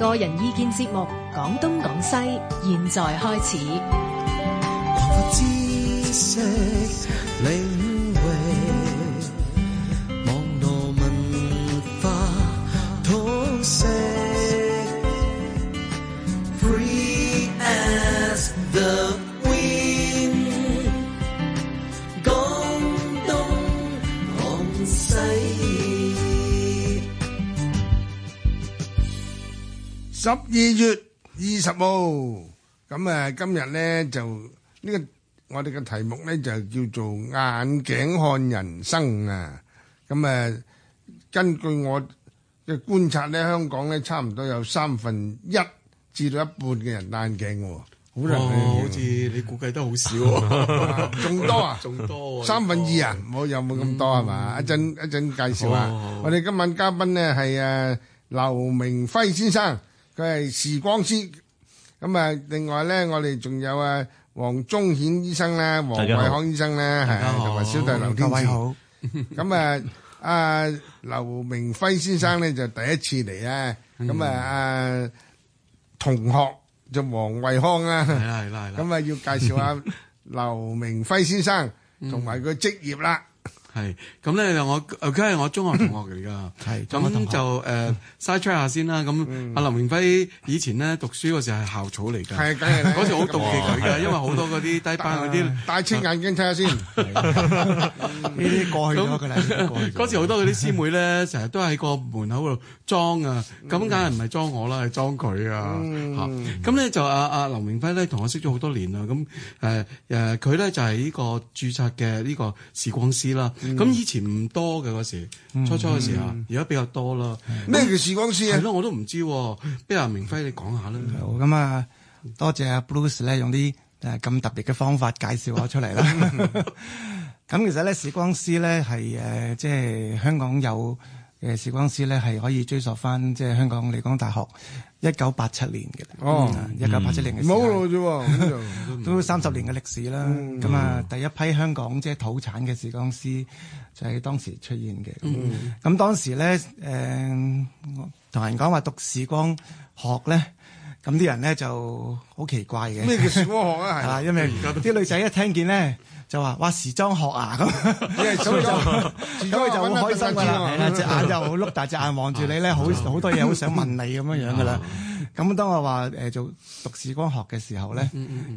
個人意見節目《講東講西》，現在開始。 十二月二十號咁誒，今日咧就呢、這個我哋嘅題目咧就叫做眼鏡看人生啊。咁誒，根據我嘅觀察咧，香港咧差唔多有三分一至到一半嘅人戴眼鏡，好難好似你估計得好少，啊，仲 多啊？仲 多，啊，三分二啊？冇，嗯，有冇咁多係嘛？一陣一陣介紹啊。紹哦，我哋今晚嘉賓咧係誒劉明輝先生。佢係時光師咁啊！另外咧，我哋仲有啊，黃宗顯醫生啦，黃惠康醫生啦，係同埋小弟劉天賜咁啊。阿劉明輝先生咧就第一次嚟啊，咁啊，同學就黃惠康啦，係啦係啦係啦，咁啊，要介紹下劉明輝先生同埋佢職業啦。係咁咧，我佢係我中學同學嚟噶，係中學同學就誒嘥吹下先啦。咁阿劉明輝以前咧讀書嗰時係校草嚟㗎，嗰時好妒忌佢㗎，因為好多嗰啲低班嗰啲戴清眼鏡睇下先，呢啲過去咗㗎啦。過去咗。嗰時好多嗰啲師妹咧，成日都喺個門口度裝啊，咁梗係唔係裝我啦，係裝佢啊。嚇咁咧就阿阿劉明輝咧同我識咗好多年啦。咁誒誒佢咧就係呢個註冊嘅呢個視光師啦。咁、嗯、以前唔多嘅嗰時，初初嘅時候，而家、嗯、比較多啦。咩叫視光師啊？係咯，我都唔知、啊。不如阿明輝，你講下啦。好，咁啊，多謝阿、啊、Bruce 咧，用啲誒咁特別嘅方法介紹我出嚟啦。咁 其實咧，視光師咧係誒，即係香港有誒視、呃、光師咧，係可以追溯翻即係香港理工大學。一九八七年嘅，一九八七年嘅冇咯，啫 都三十年嘅歷史啦。咁、嗯、啊，第一批香港即係、就是、土產嘅視光師就喺當時出現嘅。咁、嗯、當時咧，誒、呃、我同人講話讀視光學咧，咁啲人咧就好奇怪嘅。咩叫視光學咧？係， 因為而家啲女仔一聽見咧。就話哇，視光學啊，咁咁佢就好開心啦。隻眼就好碌大，隻眼望住你咧，好好多嘢好想問你咁樣樣噶啦。咁當我話誒做讀視光學嘅時候咧，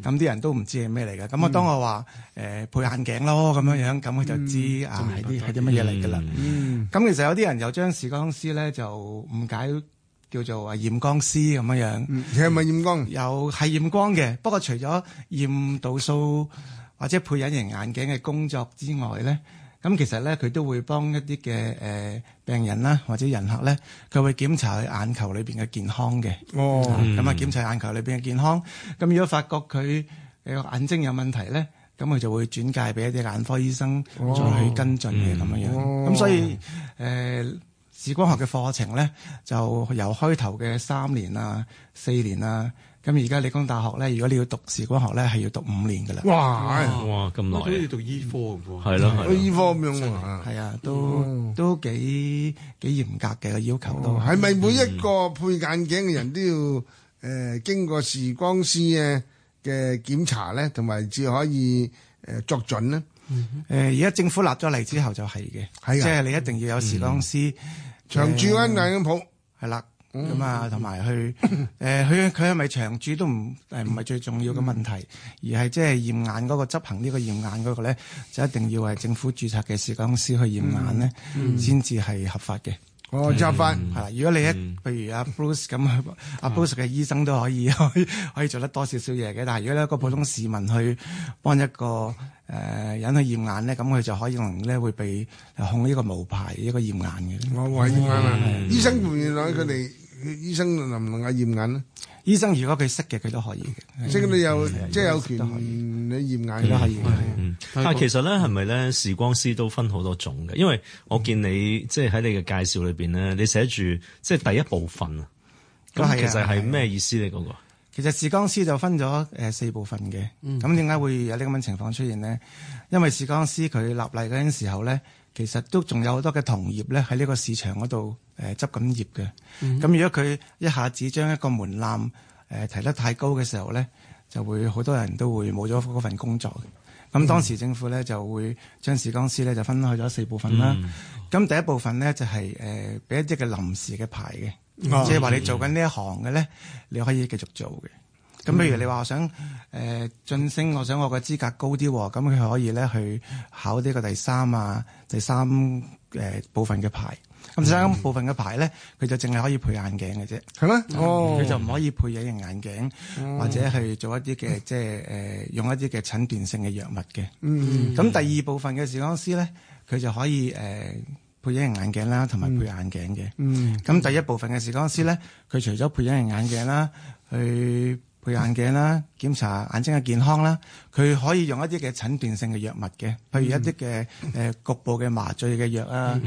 咁啲人都唔知係咩嚟嘅。咁我當我話誒配眼鏡咯，咁樣樣，咁佢就知啊係啲係啲乜嘢嚟噶啦。咁其實有啲人又將視光師咧就誤解叫做話驗光師咁樣樣。你係咪驗光？又係驗光嘅，不過除咗驗度數。或者配隱形眼鏡嘅工作之外咧，咁其實咧佢都會幫一啲嘅誒病人啦，或者人客咧，佢會檢查佢眼球裏邊嘅健康嘅。哦，咁啊檢查眼球裏邊嘅健康。咁如果發覺佢個眼睛有問題咧，咁佢就會轉介俾一啲眼科醫生、哦、再去跟進嘅咁樣樣。咁、哦嗯、所以誒視、呃、光學嘅課程咧，就由開頭嘅三年啊、四年啊。咁而家理工大學咧，如果你要讀視光學咧，係要讀五年噶啦。哇！哇！咁耐啊！都要讀醫科嘅喎。係咯，係。醫科咁樣啊。係啊，都都幾幾嚴格嘅個要求都。係咪每一個配眼鏡嘅人都要誒經過視光師嘅嘅檢查咧，同埋至可以誒作準呢？嗯。誒而家政府立咗嚟之後就係嘅，即係你一定要有視光師長住喺眼鏡鋪。係啦。咁啊，同埋去，誒，佢佢係咪長住都唔誒唔係最重要嘅問題，而係即係驗眼嗰個執行呢個驗眼嗰個咧，就一定要係政府註冊嘅視光師去驗眼咧，先至係合法嘅。我就翻係啦。如果你一，譬如阿 Bruce 咁，阿 Bruce 嘅醫生都可以可以做得多少少嘢嘅，但係如果一個普通市民去幫一個誒人去驗眼咧，咁佢就可以能咧會被控呢個無牌一個驗眼嘅。我話醫生原來佢哋。醫生能唔能夠驗眼咧？醫生如果佢識嘅，佢都可以嘅。即係你有，嗯、即係有權，你驗眼都可以。但係其實咧，係咪咧？視的光師都分好多種嘅，嗯、因為我見你即係喺你嘅介紹裏邊咧，你寫住即係第一部分啊。咁其實係咩意思？你嗰個其實視光師就分咗誒四部分嘅。咁點解會有呢咁樣情況出現咧？因為視光師佢立例嗰陣時候咧。其實都仲有好多嘅同業咧喺呢個市場嗰度誒執緊業嘅，咁、嗯、如果佢一下子將一個門檻誒、呃、提得太高嘅時候咧，就會好多人都會冇咗嗰份工作。咁當時政府咧就會將視光師咧就分開咗四部分啦。咁、嗯、第一部分咧就係誒俾一啲嘅臨時嘅牌嘅，即係話你做緊呢一行嘅咧，嗯、你可以繼續做嘅。咁，譬如你話我想誒晉升，我想我個資格高啲喎，咁佢可以咧去考呢個第三啊，第三誒部分嘅牌。咁第三部分嘅牌咧，佢就淨係可以配眼鏡嘅啫，係咩？哦，佢就唔可以配隱形眼鏡，或者去做一啲嘅即係誒用一啲嘅診斷性嘅藥物嘅。嗯，咁第二部分嘅視光師咧，佢就可以誒配隱形眼鏡啦，同埋配眼鏡嘅。嗯，咁第一部分嘅視光師咧，佢除咗配隱形眼鏡啦，去配眼鏡啦～檢查眼睛嘅健康啦，佢可以用一啲嘅診斷性嘅藥物嘅，譬如一啲嘅誒局部嘅麻醉嘅藥啊，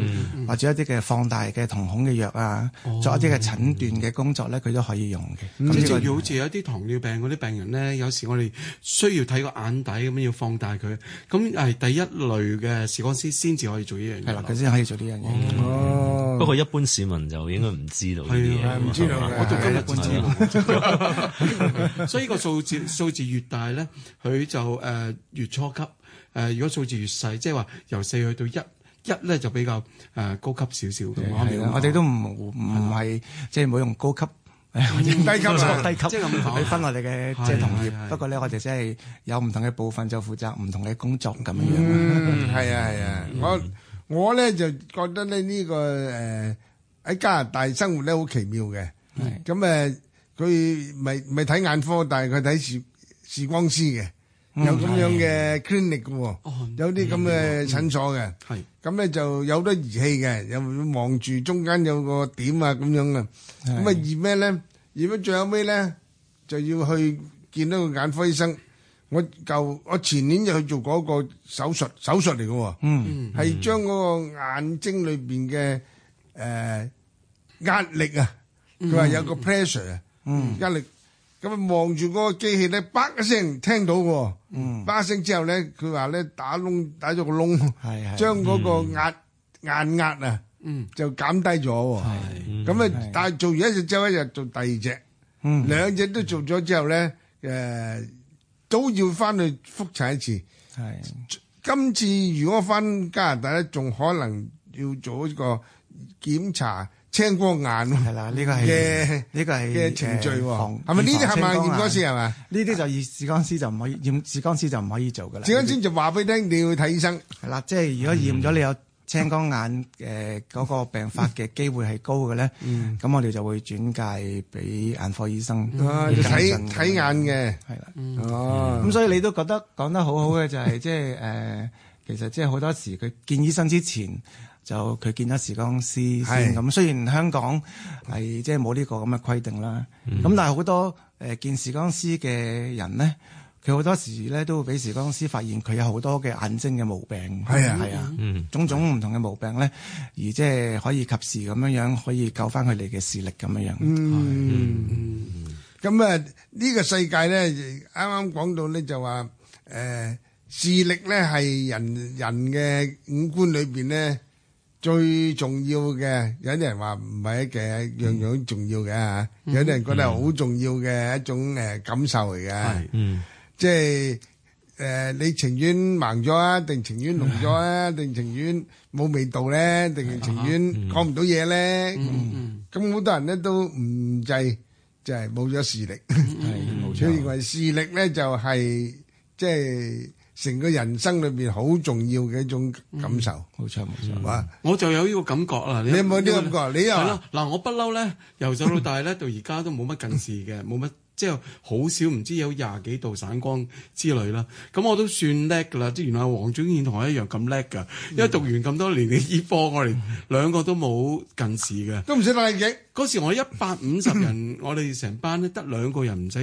或者一啲嘅放大嘅瞳孔嘅藥啊，做一啲嘅診斷嘅工作咧，佢都可以用嘅。咁即要好似有一啲糖尿病嗰啲病人咧，有時我哋需要睇個眼底咁樣要放大佢，咁係第一類嘅視光師先至可以做呢樣嘢。係啦，佢先可以做呢樣嘢。哦，不過一般市民就應該唔知道呢啲嘢。係唔知啊，我到今日知。所以個數字。數字越大咧，佢就誒、呃、越初級誒、呃；如果數字越細，即係話由四去到一，一咧就比較誒高級少少嘅。我哋都唔唔係即係唔好用高級，低級，低、這、級、個。即係唔同你分我哋嘅即係同業。嗯、不過咧，我哋即係有唔同嘅部分就負責唔同嘅工作咁樣。嗯、係、mm, 啊、yeah，係啊、哎。我我咧就覺得咧呢 agreed、這個誒喺加拿大生活咧好奇妙嘅。係、哎。咁誒。佢咪咪睇眼科，但係佢睇視視光師嘅，有咁樣嘅 clinic 嘅，有啲咁嘅診所嘅。咁咧就有得儀器嘅，又望住中間有個點啊咁樣嘅。咁啊而咩咧？而咩？最後尾咧？就要去見到個眼科醫生。我舊我前年就去做嗰個手術，手術嚟嘅。嗯，係將嗰個眼睛裏邊嘅誒壓力啊，佢話有個 pressure 啊。嗯，而家嚟，咁啊望住嗰個機器咧，叭一聲聽到喎，叭一聲之後咧，佢話咧打窿打咗個窿，將嗰個壓壓壓啊，就減低咗。咁啊，但係做完一隻之後咧，又做第二隻，兩隻都做咗之後咧，誒都要翻去複查一次。係，今次如果翻加拿大咧，仲可能要做一個檢查。青光眼係啦，呢個係呢個係程序，係咪呢啲係咪驗光師係嘛？呢啲就視光師就唔可以驗，視光師就唔可以做噶啦。視光師就話俾你聽，你要睇醫生係啦。即係如果驗咗你有青光眼誒，嗰個病發嘅機會係高嘅咧，咁我哋就會轉介俾眼科醫生，睇睇眼嘅係啦。哦，咁所以你都覺得講得好好嘅就係即係誒，其實即係好多時佢見醫生之前。就佢見咗視光師先咁。雖然香港係即係冇呢個咁嘅規定啦，咁但係好多誒見視光師嘅人咧，佢好多時咧都會俾視光師發現佢有好多嘅眼睛嘅毛病係啊係啊，種種唔同嘅毛病咧，而即係可以及時咁樣樣可以救翻佢哋嘅視力咁樣樣。咁啊，呢個世界咧，啱啱講到咧，就話誒視力咧係人人嘅五官裏邊咧。最重要嘅，有啲人話唔係嘅，樣樣重要嘅嚇。有啲人覺得好重要嘅一種誒感受嚟嘅，即係誒你情願盲咗啊？定情願聾咗啊？定情願冇味道咧？定情願講唔到嘢咧？咁好多人咧都唔制就係就係冇咗視力，佢認為視力咧就係即係。成個人生裏邊好重要嘅一種感受，冇錯冇錯，哇我就有呢個感覺啦，你有冇呢個感覺？為你又啦，嗱，我不嬲咧，由細到大咧，到而家都冇乜近視嘅，冇乜。即係好少，唔知有廿幾度散光之類啦。咁我都算叻㗎啦，即係原來黃宗顯同我一樣咁叻㗎。因為讀完咁多年嘅醫科，我哋兩個都冇近視嘅，都唔使戴眼鏡。嗰時我一百五十人， 我哋成班咧得兩個人唔使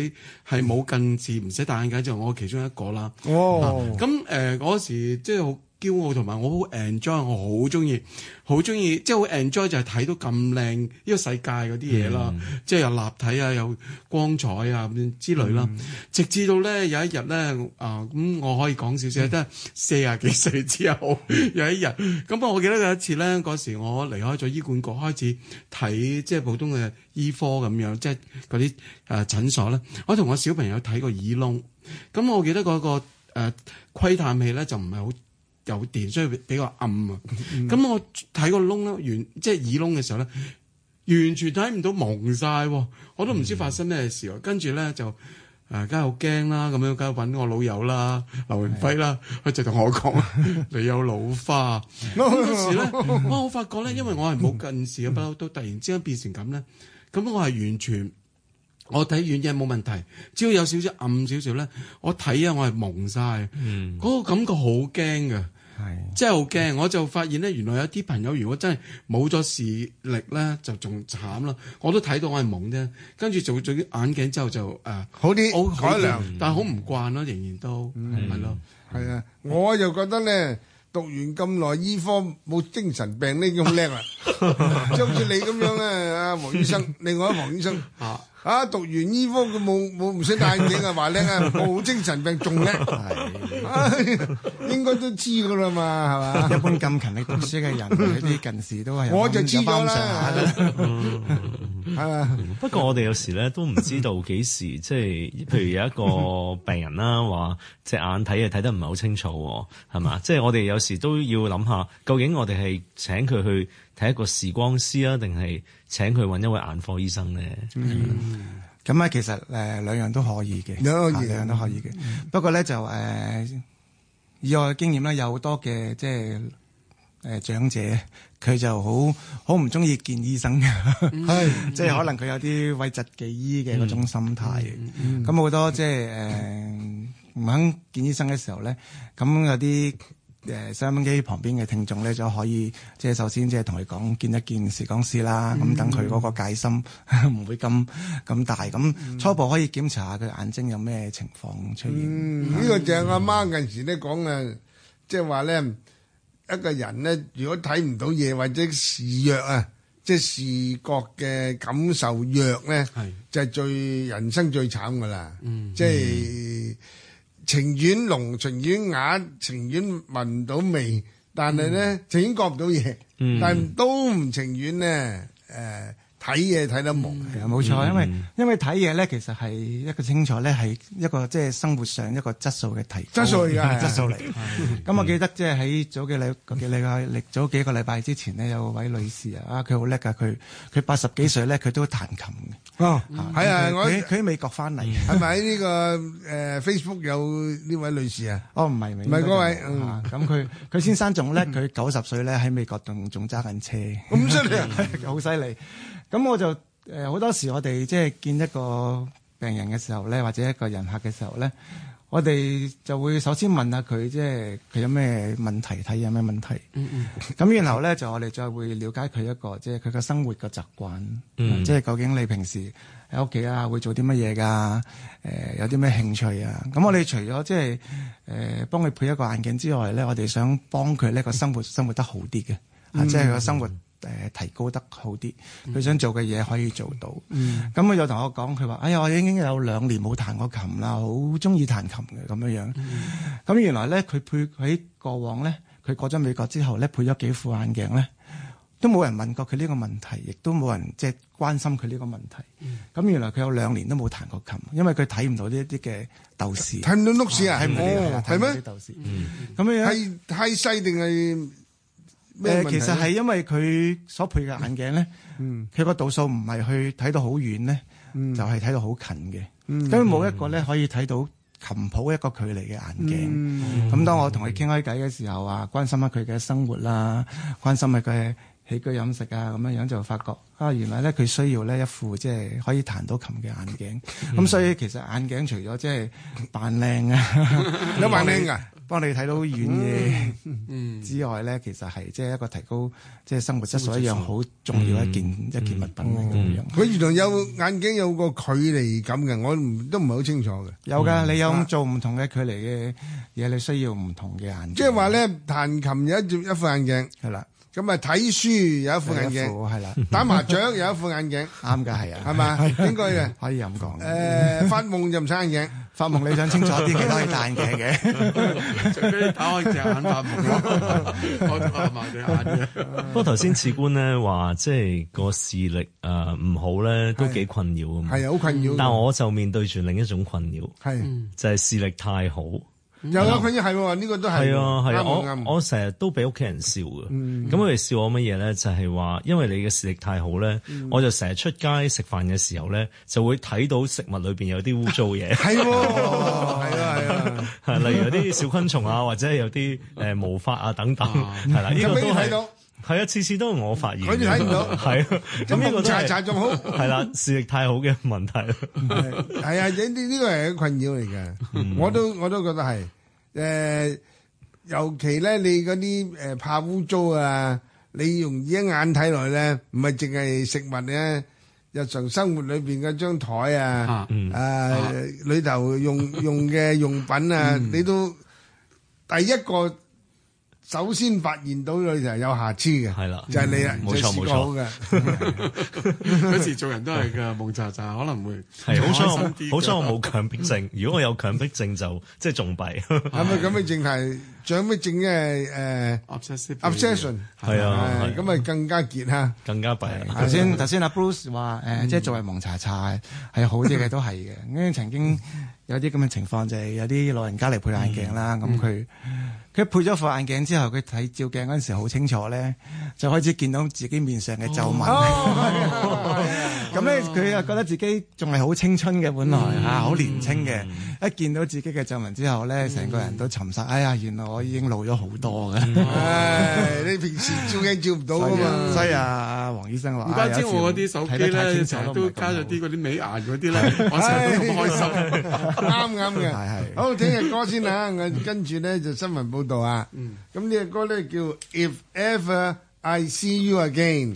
係冇近視，唔使戴眼鏡，就係我其中一個啦。哦，咁誒嗰時即係好驕傲同埋我好 enjoy，我好中意，好中意，即係好 enjoy 就係、係、睇到咁靚呢個世界嗰啲嘢啦，嗯、即係又立體啊，有光彩啊咁之類啦。嗯、直至到咧有一日咧啊，咁、呃、我可以講少少，都係、嗯、四啊幾歲之後有一日咁啊。我記得有一次咧，嗰時我離開咗醫管局，開始睇即係普通嘅醫科咁樣，即係嗰啲誒診所咧。我同我小朋友睇個耳窿，咁我記得嗰、嗰個誒窺、呃、探器咧就唔係好。有電，所以比較暗啊。咁、嗯、我睇個窿咧，完即係耳窿嘅時候咧，完全睇唔到，蒙晒。我都唔知發生咩事喎。跟住咧就誒，梗係好驚啦。咁樣梗係搵我老友啦，劉明輝啦，佢、啊、就同我講： 你有老花。咁、啊、嗰時咧， 我發覺咧，因為我係冇近視嘅不嬲，都突然之間變成咁咧，咁我係完全。我睇遠嘢冇問題，只要有少少暗少少咧，我睇啊我係蒙晒，嗰個感覺好驚㗎，真係好驚！我就發現咧，原來有啲朋友如果真係冇咗視力咧，就仲慘咯。我都睇到我係蒙啫，跟住做咗啲眼鏡之後就誒好啲，好改良，但係好唔慣咯，仍然都係咪咯？係啊，我就覺得咧，讀完咁耐醫科冇精神病呢咁叻啦，即好似你咁樣咧，阿黃醫生，另外一個黃醫生。啊！讀完醫科佢冇冇唔使戴眼鏡啊？話叻啊！冇精神病仲叻， 應該都知噶啦嘛，係嘛？一般咁勤力讀書嘅人，嗰啲 近視都係我就知咗啦。係啦，不過我哋有時咧都唔知道幾時，即係譬如有一個病人啦，話隻眼睇嘢睇得唔係好清楚，係嘛？即係我哋有時都要諗下，究竟我哋係請佢去，睇一個視光師啊，定係請佢揾一位眼科醫生咧？咁啊、嗯，嗯、其實誒、呃、兩樣都可以嘅，兩樣 No, yeah. 兩樣都可以嘅。不過咧就誒，以、呃、外嘅經驗咧有好多嘅，即係誒長者佢就好好唔中意見醫生嘅，即係、嗯、 可能佢有啲諱疾忌醫嘅嗰種心態。咁好、嗯嗯、多即係誒唔肯見醫生嘅時候咧，咁有啲。嗯誒，收音機旁邊嘅聽眾咧，就可以即係首先即係同佢講見一見視光師啦，咁等佢嗰個戒心唔、嗯、 會咁咁大，咁、嗯、初步可以檢查下佢眼睛有咩情況出現。媽媽就是、呢個正阿媽嗰陣時咧講啊，即係話咧，一個人咧如果睇唔到嘢，或者視弱啊，即、就、係、是、視覺嘅感受弱咧，係是就係最人生最慘噶啦。即係。情願聾，情願啞，情願聞到味，但係咧、嗯、情願覺唔到嘢，但都唔情願咧，誒、呃。睇嘢睇得忙，冇錯，因為因為睇嘢咧，其實係一個清楚咧，係一個即係生活上一個質素嘅提質素㗎，質素嚟。咁我記得即係喺早幾禮個幾禮早幾個禮拜之前呢，有位女士啊，啊佢好叻㗎，佢佢八十幾歲咧，佢都彈琴嘅。哦，啊，佢喺美國翻嚟，係咪呢個誒 Facebook 有呢位女士啊？哦，唔係唔係，嗰位咁佢佢先生仲叻，佢九十歲咧喺美國仲仲揸緊車，咁犀利，好犀利！咁我就誒好、呃、多時，我哋即係見一個病人嘅時候咧，或者一個人客嘅時候咧，我哋就會首先問下佢、即係，即係佢有咩問題睇有咩問題。咁、嗯嗯、然後咧就我哋再會了解佢一個即係佢嘅生活嘅習慣，嗯、即係究竟你平時喺屋企啊會做啲乜嘢㗎？誒、呃、有啲咩興趣啊？咁我哋除咗即係誒幫佢配一個眼鏡之外咧，我哋想幫佢呢個生活生活得好啲嘅，即係個生活。嗯誒提高得好啲，佢想做嘅嘢可以做到。咁佢又同我講，佢話：哎呀，我已經有兩年冇彈過琴啦，好鍾意彈琴嘅咁樣樣。咁、嗯、原來咧，佢配喺過往咧，佢過咗美國之後咧，配咗幾副眼鏡咧，都冇人問過佢呢個問題，亦都冇人即係、就是、關心佢呢個問題。咁、嗯、原來佢有兩年都冇彈過琴，因為佢睇唔到呢一啲嘅豆豉，睇唔到碌豉啊？係咪啊？係咩、哦？咁嗎、嗯、樣係太細定係？誒、呃，其實係因為佢所配嘅眼鏡咧，佢個、嗯、度數唔係去睇到好遠咧，嗯、就係睇到好近嘅。嗯、因為冇一個咧可以睇到琴譜一個距離嘅眼鏡。咁當我同佢傾開偈嘅時候啊，關心下佢嘅生活啦，關心下佢嘅起居飲食啊，咁樣樣就發覺啊，原來咧佢需要呢一副即係、就是、可以彈到琴嘅眼鏡。咁、嗯嗯、所以其實眼鏡除咗即係扮靚啊，有扮靚㗎？幫你睇到遠嘅之外咧，其實係即係一個提高即係生活質素一樣好重要一件一件物品咁樣。佢原來有眼鏡有個距離感嘅，我唔都唔係好清楚嘅。有㗎，你有咁做唔同嘅距離嘅嘢，你需要唔同嘅眼鏡。即係話咧，彈琴有一一副眼鏡係啦，咁啊睇書有一副眼鏡係啦，打麻雀有一副眼鏡，啱㗎係啊，係嘛，應該嘅，可以咁講。誒，發夢就唔使眼鏡。發夢你想清楚啲，其他係戴眼鏡嘅，除非你打開隻眼發夢，開開埋隻眼嘅。不過頭先賜官咧話，即係個視力誒唔好咧，都幾困擾咁。係啊，好困擾。但係我就面對住另一種困擾，係是就係視力太好。有啊，佢又係喎，呢、這個都係。係啊，係啊，我我成日都俾屋企人笑嘅。咁佢哋笑我乜嘢咧？就係、是、話，因為你嘅視力太好咧，嗯、我就成日出街食飯嘅時候咧，就會睇到食物裏邊有啲污糟嘢。係喎，係啊，係啊，係呵， 例如有啲小昆蟲啊，或者有啲誒毛髮啊等等，係啦、啊，呢、這個都睇到。係啊，次次都係我發現，佢哋睇唔到，係啊。咁呢個擦擦仲好，係啦，視力太好嘅問題。係啊，呢呢個係困擾嚟嘅，嗯、我都我都覺得係。誒、呃，尤其咧，你嗰啲誒怕污糟啊，你用一眼睇落去咧，唔係淨係食物咧，啊，日常生活裏邊嗰張枱啊，啊，裏頭用用嘅用品啊，嗯、你都第一個。首先發現到佢就係有瑕疵嘅，係啦，就係你啦，冇錯，冇錯嘅。嗰時做人都係噶，矇查查可能會好彩，我冇好彩我冇強迫症。如果我有強迫症就即係仲弊。咁咪咁咪正係，仲有咩症咧？誒，obsession，obsession 係啊，咁咪更加結啊，更加弊。頭先頭先阿 Bruce 話誒，即係作為矇查查係好啲嘅，都係嘅。因為曾經。有啲咁嘅情況就係、是、有啲老人家嚟配眼鏡啦，咁佢佢配咗副眼鏡之後，佢睇照鏡嗰陣時好清楚咧，就開始見到自己面上嘅皺紋。咁咧，佢啊覺得自己仲係好青春嘅，本來嚇好年青嘅。一見到自己嘅皺紋之後咧，成個人都沉實。哎呀，原來我已經老咗好多嘅。你平時照鏡照唔到噶嘛？係啊，黃醫生話。而家照我嗰啲手機咧，都加上啲嗰啲美顏嗰啲咧，我成日都好開心。啱啱嘅，係係。好聽呢隻歌先嚇，跟住咧就新聞報道啊。咁呢個歌咧叫 If Ever I See You Again。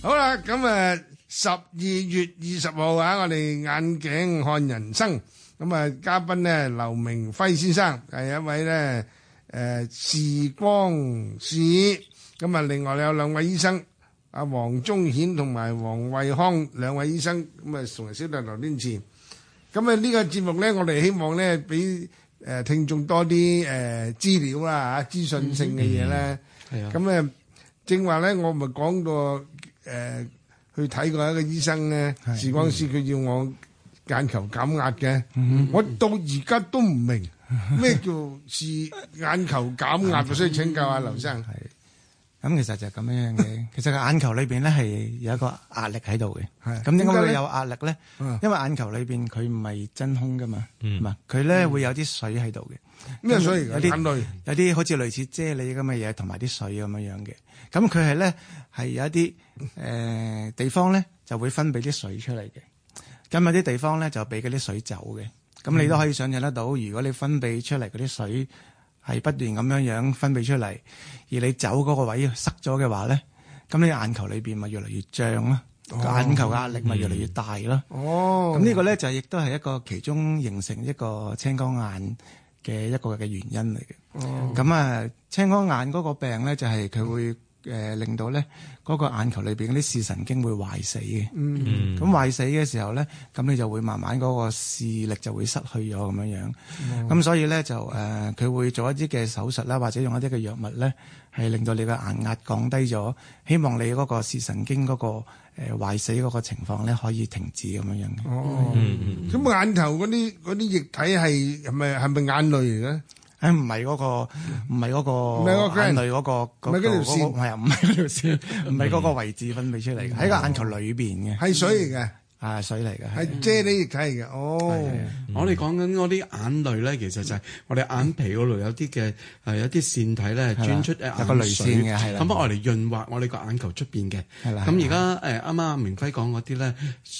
好啦，咁、嗯、啊，十二月二十號啊，我哋眼鏡看人生，咁啊，嘉賓呢，劉明輝先生係一位咧誒、呃、時光史，咁啊，另外有兩位醫生，阿黃宗顯同埋黃惠康兩位醫生，咁啊，同埋小弟劉天賜，咁啊，呢、啊這個節目咧，我哋希望咧俾誒聽眾多啲誒資料啦吓，資訊性嘅嘢咧，係啊，咁啊，正話咧，我咪講過。誒、呃、去睇過一個醫生咧，是視光師佢要我眼球減壓嘅，嗯、哼我到而家都唔明咩叫視眼球減壓， 所以請教下劉生。咁其實就係咁樣樣嘅， 其實個眼球裏邊咧係有一個壓力喺度嘅。係的，咁點解會有壓力咧？為呢因為眼球裏邊佢唔係真空噶嘛，唔係佢咧會有啲水喺度嘅。咩水有啲淚有啲好似類似啫喱咁嘅嘢，同埋啲水咁樣樣嘅。咁佢係咧係有一啲誒、呃、地方咧就會分泌啲水出嚟嘅。咁、嗯、有啲地方咧就俾嗰啲水走嘅。咁你都可以想象得到，如果你分泌出嚟嗰啲水，係不斷咁樣樣分泌出嚟，而你走嗰個位塞咗嘅話咧，咁你眼球裏邊咪越嚟越脹咯，哦、眼球嘅壓力咪越嚟越大咯。哦、嗯，咁呢個咧就係亦都係一個其中形成一個青光眼嘅一個嘅原因嚟嘅。哦，咁啊，青光眼嗰個病咧就係佢會。誒令到咧嗰個眼球裏邊啲視神經會壞死嘅，咁、mm hmm. 壞死嘅時候咧，咁你就會慢慢嗰個視力就會失去咗咁樣樣。咁、mm hmm. 所以咧就誒，佢、呃、會做一啲嘅手術啦，或者用一啲嘅藥物咧，係令到你嘅眼壓降低咗，希望你嗰個視神經嗰、嗰個誒、呃、壞死嗰個情況咧可以停止咁樣樣。Mm hmm. 哦，咁、mm hmm. 眼球嗰啲啲液體係係咪係咪眼淚嚟嘅？誒，唔係嗰個，唔係嗰個眼淚嗰個，唔係嗰條線，係啊，唔係嗰條線，唔係嗰個位置分泌出嚟嘅，喺個眼球裏邊嘅，係水嚟嘅，啊，水嚟嘅，係啫喱液體嚟嘅，哦，我哋講緊嗰啲眼淚咧，其實就係我哋眼皮嗰度有啲嘅，係有啲腺體咧，轉出誒個淚腺嘅，咁我嚟潤滑我哋個眼球出邊嘅，咁而家誒啱啱阿明輝講嗰啲咧，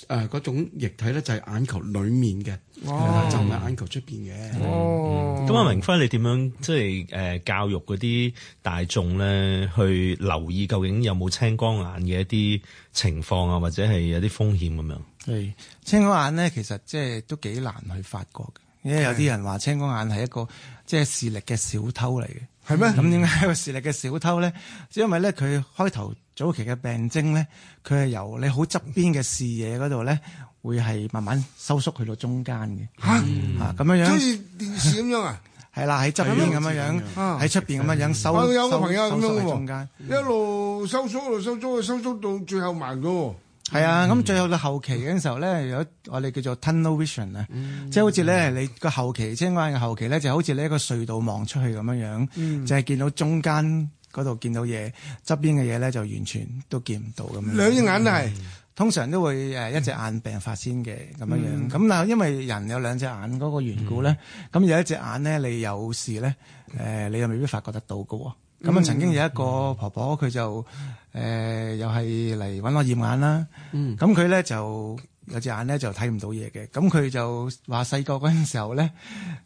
誒嗰種液體咧就係眼球裏面嘅。就唔係眼球出邊嘅。哦，咁啊、嗯，明輝、嗯、你點樣即係誒教育嗰啲大眾咧，去留意究竟有冇青光眼嘅一啲情況啊，或者係有啲風險咁樣。係、嗯、對青光眼咧，其實即係都幾難去發覺嘅。因為有啲人話青光眼係一個即係、就是、視力嘅小偷嚟嘅。係咩嗎？咁點解係個視力嘅小偷咧？因為咧佢開頭早期嘅病徵咧，佢係由你好側邊嘅視野嗰度咧。會係慢慢收縮去到中間嘅，嚇咁樣樣，好似電視咁樣啊，係啦，喺側邊咁樣樣，喺出邊咁樣樣收，我有個朋友咁樣喎，一路收縮，一路收縮，收縮到最後盲嘅喎。係啊，咁最後到後期嗰陣時候咧，有我哋叫做 tunnel vision 啊，即係好似咧係你個後期，即係講緊後期咧，就好似你一個隧道望出去咁樣樣，就係見到中間嗰度見到嘢，側邊嘅嘢咧就完全都見唔到咁樣。兩隻眼都係。通常都會誒一隻眼病發先嘅咁樣樣，咁嗱，因為人有兩隻眼嗰個緣故咧，咁、嗯、有一隻眼咧你有事咧，誒、嗯呃、你又未必發覺得到嘅喎。咁啊、嗯、曾經有一個婆婆佢、嗯、就誒、呃、又係嚟搵我驗眼啦，咁佢咧就。有隻眼咧就睇唔到嘢嘅，咁佢就話細個嗰陣時候咧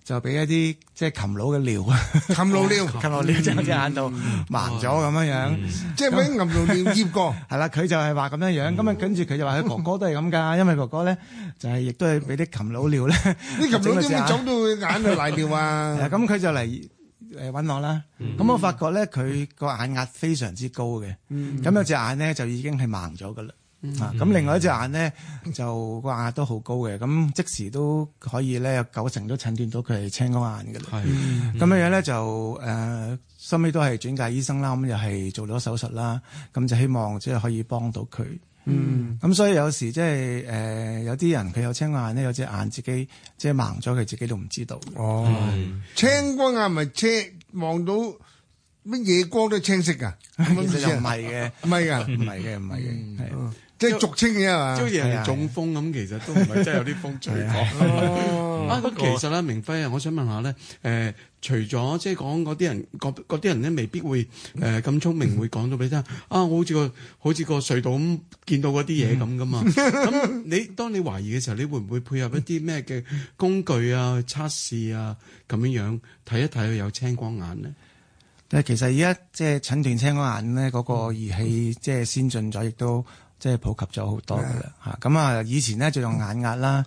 就俾一啲即係蠄蟧嘅尿啊，蠄蟧尿，蠄蟧尿隻眼度盲咗咁樣樣，即係俾蠄蟧尿淹過，係啦，佢就係話咁樣樣，咁啊跟住佢就話佢哥哥都係咁㗎，因為哥哥咧就係亦都係俾啲蠄蟧尿咧，啲蠄蟧點解走到眼度瀨尿啊？咁佢就嚟誒揾我啦，咁我發覺咧佢個眼壓非常之高嘅，咁有隻眼咧就已經係盲咗㗎啦。咁另外一隻眼咧、mm. 就個壓都好高嘅，咁即時都可以咧有九成都診斷到佢係青光眼嘅啦。係咁樣咧就誒，收尾都係轉介醫生啦，咁又係做咗手術啦，咁就希望即係可以幫到佢。嗯，咁所以有時即係誒有啲人佢有青眼咧，有隻眼自己即係盲咗，佢自己都唔知道。哦，青光眼咪即係望到乜嘢光都青色㗎？咁就唔係嘅，唔係嘅，唔係嘅，唔係嘅。係。即係俗稱嘅嘛，招人中風咁，啊、其實都唔係真係有啲風吹咗啊，咁其實咧，明輝啊，我想問下咧，誒、呃，除咗即係講嗰啲人，啲人咧，未必會誒咁、呃、聰明，嗯、會講到俾你聽啊，我好似個好似個隧道咁，見到嗰啲嘢咁噶嘛。咁 你當你懷疑嘅時候，你會唔會配合一啲咩嘅工具啊、測試啊咁樣樣睇一睇佢有青光眼咧？但係其實而家即係診斷青光眼咧，嗰、嗰個儀器即係、嗰個、先進咗，亦都。即係普及咗好多㗎啦吓咁啊！以前咧就用眼壓啦，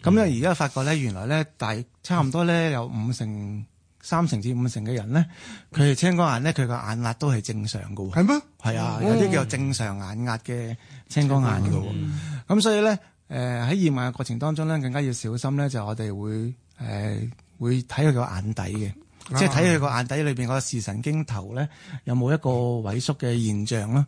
咁咧而家發覺咧，原來咧大差唔多咧有五成三成至五成嘅人咧，佢哋、嗯、青光眼咧佢個眼壓都係正常㗎喎，係咩嗎？係啊，嗯、有啲叫做正常眼壓嘅青光眼㗎喎。咁、嗯嗯嗯、所以咧誒喺驗眼嘅過程當中咧，更加要小心咧，就我哋會誒會睇佢個眼底嘅。即係睇佢個眼底裏邊個視神經頭咧，有冇一個萎縮嘅現象啦？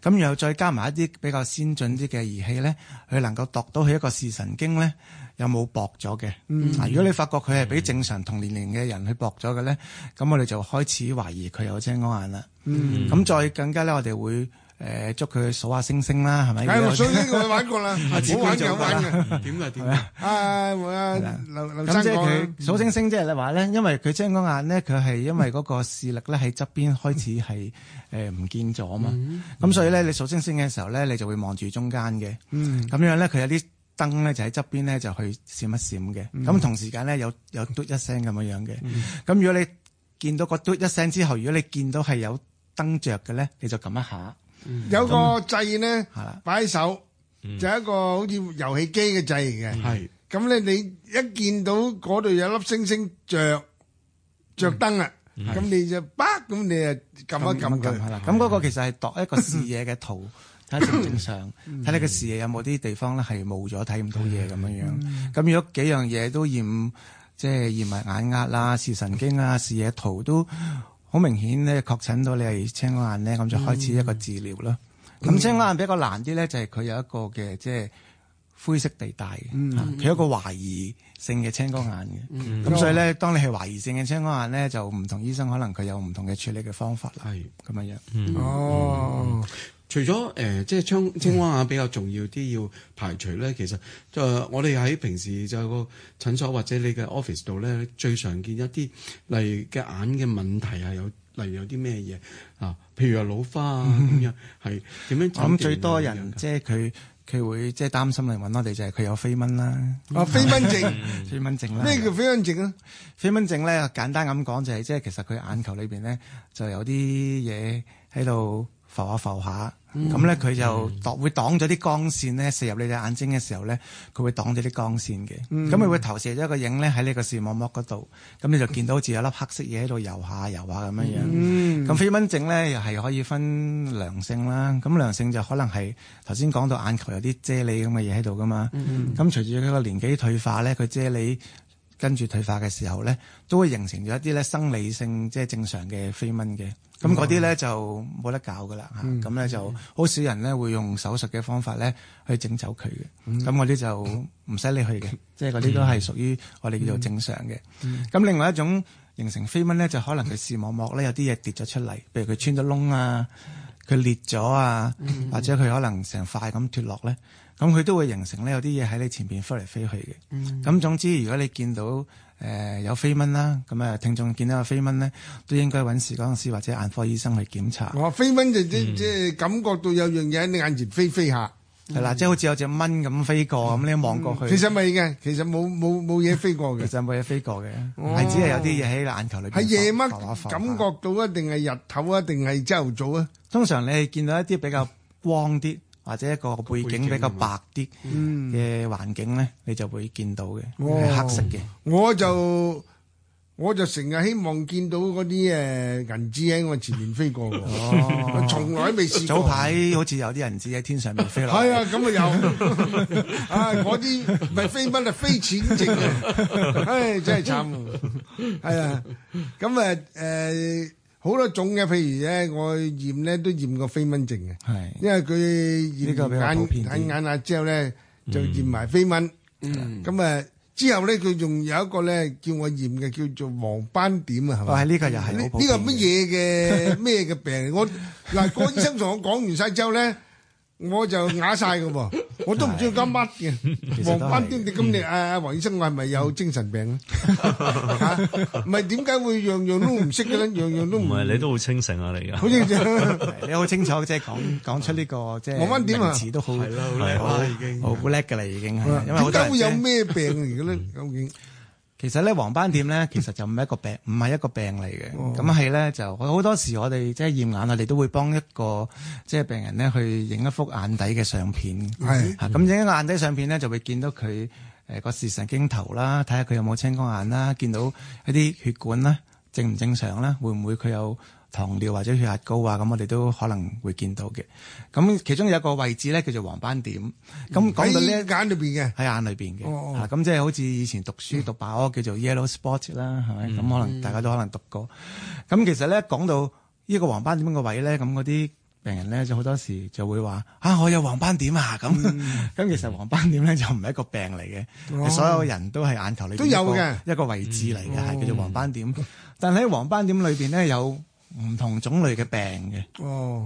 咁然後再加埋一啲比較先進啲嘅儀器咧，佢能夠度到佢一個視神經咧有冇薄咗嘅？嗱，嗯、如果你發覺佢係比正常同年齡嘅人去薄咗嘅咧，咁、嗯、我哋就開始懷疑佢有青光眼啦。咁、嗯、再更加咧，我哋會。誒，捉佢數下星星啦，係咪？數星星我玩過啦，唔好玩就玩嘅，點就點。啊，阿劉劉生講數星星，即係你話咧，因為佢青光眼咧，佢係因為嗰個視力咧喺側邊開始係誒唔見咗嘛。咁所以咧，你數星星嘅時候咧，你就會望住中間嘅。咁樣咧，佢有啲燈咧就喺側邊咧就去閃一閃嘅。咁同時間咧有有嘟一聲咁樣樣嘅。咁如果你見到個嘟一聲之後，如果你見到係有燈着嘅咧，你就撳一下。Mm. 有個掣咧，擺喺手，mm. 就一個好似遊戲機嘅掣嚟嘅。係咁咧，你一見到嗰度有粒星星着着燈啊，咁、mm. 你就，叭，咁、mm. 你啊撳一撳佢。咁嗰、嗯嗯嗯嗯、個其實係度一個視野嘅圖，睇正 正常？睇、mm. 你個視野有冇啲地方咧係冇咗睇唔到嘢咁樣樣。咁、mm. 如果幾樣嘢都驗，即係驗埋眼壓啦、視神經啊、視野圖都。好明顯咧，確診到你係青光眼咧，咁就開始一個治療啦。咁、嗯、青光眼比較難啲咧，就係佢有一個嘅即係灰色地帶，佢、嗯、有一個懷疑性嘅青光眼嘅。咁、嗯、所以咧，當你係懷疑性嘅青光眼咧，就唔同醫生可能佢有唔同嘅處理嘅方法啦。係咁樣、嗯、樣。嗯、哦。除咗誒、呃，即係青青光眼比較重要啲要排除咧。其實，誒、呃，我哋喺平時就有個診所或者你嘅 office 度咧，最常見一啲例如嘅眼嘅問題係有，例如有啲咩嘢啊？譬如話老花啊，咁樣係點樣？咁最多人即係佢佢會即係擔心嚟揾我哋，就係佢有飛蚊啦。啊，飛蚊症，飛蚊症。咩叫飛蚊症啊？飛蚊症咧簡單咁講就係即係其實佢眼球裏邊咧就有啲嘢喺度。浮下浮一下，咁咧佢就擋會擋咗啲光線咧，嗯、射入你隻眼睛嘅時候咧，佢會擋咗啲光線嘅。咁佢、嗯、會投射咗一個影咧喺呢個視網膜嗰度，咁、嗯、你就見到好似有粒黑色嘢喺度游下游下咁樣樣。咁飛、嗯、蚊症咧又係可以分良性啦，咁良性就可能係頭先講到眼球有啲啫喱咁嘅嘢喺度噶嘛。咁、嗯嗯、隨住佢個年紀退化咧，佢啫喱跟住退化嘅時候咧，都會形成咗一啲咧生理性即係正常嘅飛蚊嘅。咁嗰啲咧就冇得搞噶啦，嚇、嗯！咁咧、啊、就好少人咧會用手術嘅方法咧去整走佢嘅。咁嗰啲就唔使你去嘅，嗯、即係嗰啲都係屬於我哋叫做正常嘅。咁、嗯嗯嗯、另外一種形成飛蚊咧，就可能佢視網膜咧有啲嘢跌咗出嚟，譬如佢穿咗窿啊，佢裂咗啊，嗯、或者佢可能成塊咁脫落咧，咁佢都會形成咧有啲嘢喺你前邊飛嚟飛去嘅。咁、嗯嗯嗯、總之，如果你見到，誒、呃、有飛蚊啦，咁啊聽眾見到個飛蚊咧，都應該揾視光師或者眼科醫生去檢查。我話飛蚊就即、是、即、嗯、感覺到有樣嘢喺你眼前飛飛下，係、嗯、啦，即、就是、好似有隻蚊咁飛過咁你望過去。其實唔係嘅，其實冇冇冇嘢飛過嘅，其實冇嘢飛過嘅，係、哦、只係有啲嘢喺眼球裏邊。喺夜晚感覺到一定係日頭啊，定係朝頭早啊？通常你係見到一啲比較光啲。 或者一個背景比較白啲嘅環境咧，你就會見到嘅，哦、黑色嘅。我就我就成日希望見到嗰啲誒銀紙喺我前面飛過嘅，我、哦、從來未試過。早排好似有啲銀紙喺天上面飛落。係 啊，咁啊有啊，嗰啲咪飛蚊嚟飛錢直嘅，唉、呃，真係慘。係啊，咁啊誒。好多種嘅，譬如咧，我驗咧都驗過飛蚊症嘅。是因為佢驗眼睇眼壓之後咧，就驗埋飛蚊。咁啊、嗯嗯，之後咧佢仲有一個咧叫我驗嘅叫做黃斑點啊。係咪？呢、哦、個又係呢個乜嘢嘅咩嘅病？ 我嗱，郭、那個、醫生同我講完晒之後咧。 我就啞晒嘅喎，我都唔知要講乜嘅。黃斑點，你今日阿阿黃醫生，我係咪有精神病咧、啊？嚇、 啊，唔係點解會樣樣都唔識嘅咧？樣樣都唔識。唔係你都好清醒啊！你好清醒、啊！ 你好清楚即係講講出呢、呢個即係黃斑點啊，字都好，好叻已經，好叻嘅啦已經。點解會有咩病而家咧究竟？ 其實咧黃斑點咧，其實就唔係一個病，唔係一個病嚟嘅。咁係咧就，好多時我哋即係驗眼啊，我哋都會幫一個即係病人咧去影一幅眼底嘅相片。係，咁影一個眼底相片咧，就會見到佢誒個視神經頭啦，睇下佢有冇青光眼啦，見到一啲血管啦，正唔正常咧，會唔會佢有？糖尿或者血壓高啊，咁我哋都可能會見到嘅。咁其中有一個位置咧，叫做黃斑點。咁講到呢眼裏邊嘅，喺眼裏邊嘅嚇。咁即係好似以前讀書讀飽叫做 yellow spot 啦，係咪？咁可能大家都可能讀過。咁其實咧講到呢個黃斑點邊個位咧，咁嗰啲病人咧就好多時就會話：啊，我有黃斑點啊！咁咁其實黃斑點咧就唔係一個病嚟嘅，所有人都係眼球裏邊都有嘅一個位置嚟嘅，係叫做黃斑點。但喺黃斑點裏邊咧有。唔同種類嘅病嘅，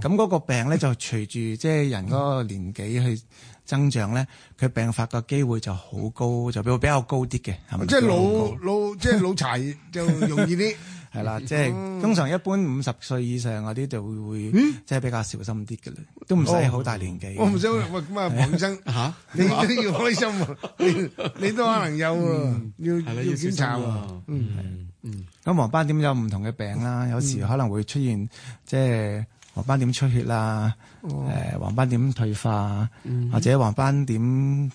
咁嗰個病咧就隨住即係人嗰個年紀去增長咧，佢病發個機會就好高，就比比較高啲嘅，係咪？即係老老即係老柴就容易啲，係啦，即係通常一般五十歲以上嗰啲就會會即係比較小心啲嘅啦，都唔使好大年紀。我唔想咁啊，黃醫生嚇，你都要開心喎，你都可能有喎，要要小心喎，嗯。嗯，咁黃斑點有唔同嘅病啦，嗯、有時可能會出現即係黃斑點出血啦，誒、哦呃、黃斑點退化，嗯、哼或者黃斑點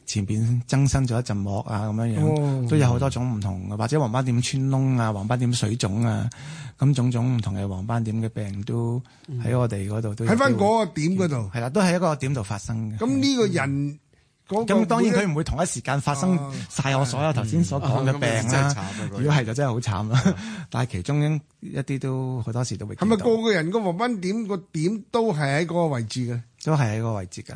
前邊增生咗一浸膜啊，咁樣樣，哦、都有好多種唔同，或者黃斑點穿窿啊、黃斑點水腫啊，咁種種唔同嘅黃斑點嘅病都喺我哋嗰度都、嗯。喺翻嗰個點嗰度。係啦，都係一個點度發生嘅。咁呢、嗯、個人。咁當然佢唔會同一時間發生晒我所有頭先所講嘅病啦。嗯嗯嗯、如果係就、嗰個、真係好慘啦。 但係其中一啲都好多時都會咁，咪個個人個黃斑點、嗰個點都係喺嗰個位置嘅？都係喺個位置嘅。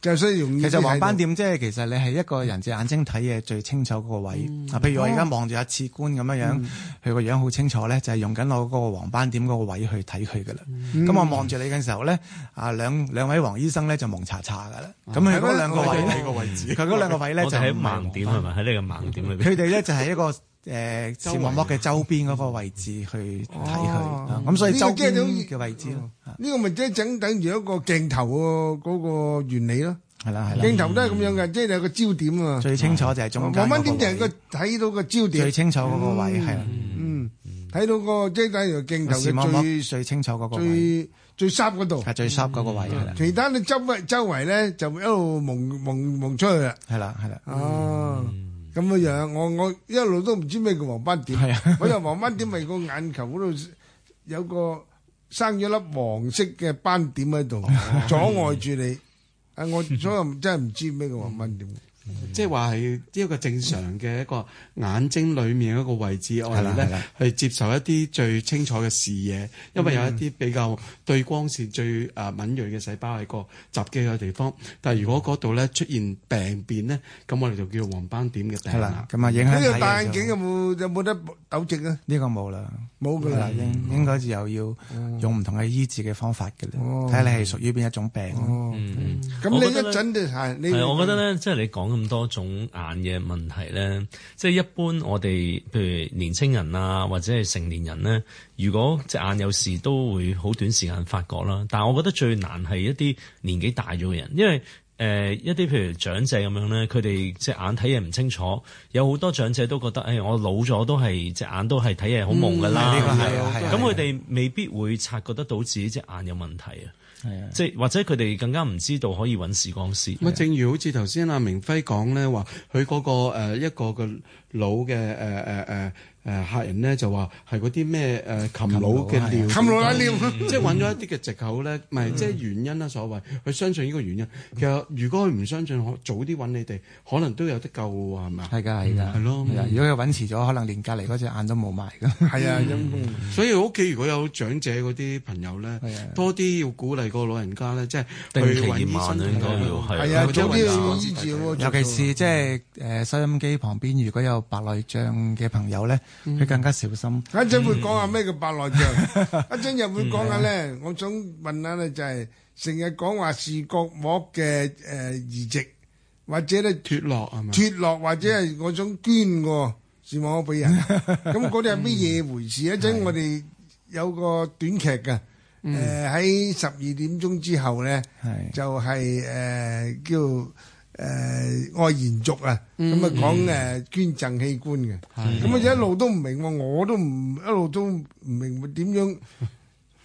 就所以容易。其實黃斑點即係其實你係一個人隻眼睛睇嘢最清楚嗰個位。嗯、啊，譬如我而家望住阿賜官咁樣、嗯、樣，佢個樣好清楚咧，就係、是、用緊我嗰個黃斑點嗰個位去睇佢噶啦。咁、嗯、我望住你嘅時候咧，啊兩兩位黃醫生咧就蒙查查噶啦。咁佢嗰兩個位咧，佢嗰嗎兩個位咧就喺盲點係咪？喺呢個盲點裏邊。佢哋咧就係一個。誒，視網膜嘅周邊嗰個位置去睇佢，咁所以周邊嘅位置咯。呢個咪即係整等於一個鏡頭嘅嗰個原理咯，係啦係啦。鏡頭都係咁樣嘅，即係有個焦點啊。最清楚就係總。望蚊點就係個睇到個焦點。最清楚嗰個位係啦。嗯，睇到個即係等於鏡頭嘅最最清楚嗰個位。最最實嗰度係最實嗰個位。其他你周圍周圍咧就一路朦朦朦出去啦。係啦係啦。哦。咁嘅樣，我我一路都唔知咩叫黃斑點， 我話黃斑點咪個眼球度有個生咗粒黃色嘅斑點喺度，阻礙住你， 啊我所以真係唔知咩叫黃斑點。 即係話係一個正常嘅一個眼睛裏面一個位置，外邊咧去接受一啲最清楚嘅視野，因為有一啲比較對光線最誒敏銳嘅細胞喺個集積嘅地方。但係如果嗰度咧出現病變咧，咁我哋就叫黃斑點嘅病。啦，咁啊影響睇醫生。呢個戴眼鏡有冇有冇得糾正啊？呢個冇啦，冇噶啦，應應該就又要用唔同嘅醫治嘅方法嘅啦，睇下你係屬於邊一種病。哦，咁你一陣就係你。我覺得咧，即係你講。咁多種眼嘅問題咧，即係一般我哋譬如年青人啊，或者係成年人咧，如果隻眼有事，都會好短時間發覺啦。但係我覺得最難係一啲年紀大咗嘅人，因為誒一啲譬如長者咁樣咧，佢哋隻眼睇嘢唔清楚，有好多長者都覺得誒我老咗都係隻眼都係睇嘢好矇噶啦。呢個係，咁佢哋未必會察覺得到自己隻眼有問題啊。係啊，即係或者佢哋更加唔知道可以揾視光師。咁啊的，正如好似頭先阿明輝講咧話佢嗰個誒、呃、一個嘅老嘅誒誒誒。呃呃誒客人咧就話係嗰啲咩誒禽鳥嘅尿，禽鳥嘅尿，即係揾咗一啲嘅藉口咧，唔係即係原因啦，所謂佢相信呢個原因。其實如果佢唔相信，可早啲揾你哋可能都有得救喎，係咪啊？係㗎，係㗎，係咯。如果佢揾遲咗，可能連隔離嗰隻眼都冇埋㗎。係啊，所以屋企如果有長者嗰啲朋友咧，多啲要鼓勵個老人家咧，即係去揾醫生睇㗎。係啊，將啲嘢醫治喎。尤其是即係誒收音機旁邊如果有白內障嘅朋友咧。佢、嗯、更加小心。一陣、嗯、會講下咩叫白內障，一陣、嗯、又會講下咧。 嗯、我想問,問下你、就是，就係成日講話視覺膜嘅誒移植，或者咧脱落係咪？脱落或者係我想捐個視網膜俾人，咁嗰啲係乜嘢回事？一陣、嗯嗯、我哋有個短劇嘅，誒喺十二點鐘之後咧，就係、是、誒、呃、叫。叫叫叫誒愛延續啊，咁啊講誒捐贈器官嘅，咁啊一路都唔明喎，我都唔一路都唔明點樣